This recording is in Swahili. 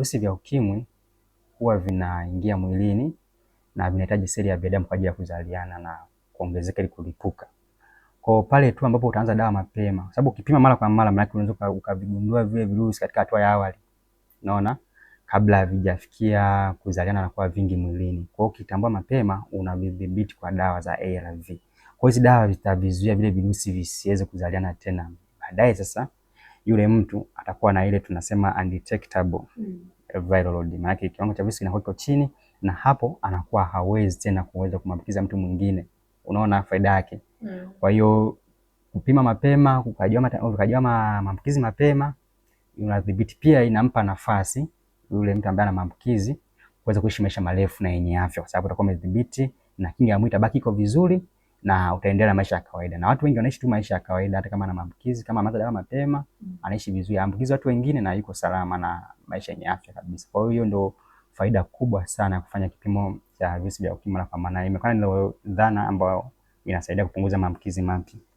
Virusi vya ukimwi huwa vinaingia mwilini na vinahitaji seli ya binadamu kwa ajili ya kuzaliana na kuongezeka ili kulipuka. Kwa pale tu ambapo utaanza dawa mapema, sababu ukipima mara kwa mara, maana unaweza ukavigundua vile virusi katika hatua ya awali, unaona, kabla havijafikia kuzaliana na kuwa vingi mwilini. Kwa hiyo ukitambua mapema, unavidhibiti kwa dawa za ARV. Kwa hiyo hizi dawa zitavizuia vile virusi visiweze kuzaliana tena. Baadaye sasa yule mtu atakuwa na ile tunasema undetectable. Mm viral load, maana kiwango cha virusi kinakuwa kiko chini, na hapo anakuwa hawezi tena kuweza kumwambukiza mtu mwingine. Unaona faida yake mm. Kwa hiyo kupima mapema, ukajua maambukizi mapema, unadhibiti pia, inampa nafasi yule mtu ambaye ana maambukizi kuweza kuishi maisha marefu na yenye afya, kwa sababu utakuwa umedhibiti na kinga ya mwili itabaki iko vizuri na utaendelea na maisha ya kawaida. Na watu wengi wanaishi tu maisha ya kawaida hata kama ana maambukizi, kama anaanza dawa mapema anaishi vizuri, aambukizi watu wengine na yuko salama na maisha yenye afya kabisa. Kwa hiyo ndo faida kubwa sana ya kufanya kipimo cha virusi vya ukimwi na kwa maana imekuwa ndio dhana ambayo inasaidia kupunguza maambukizi mapya.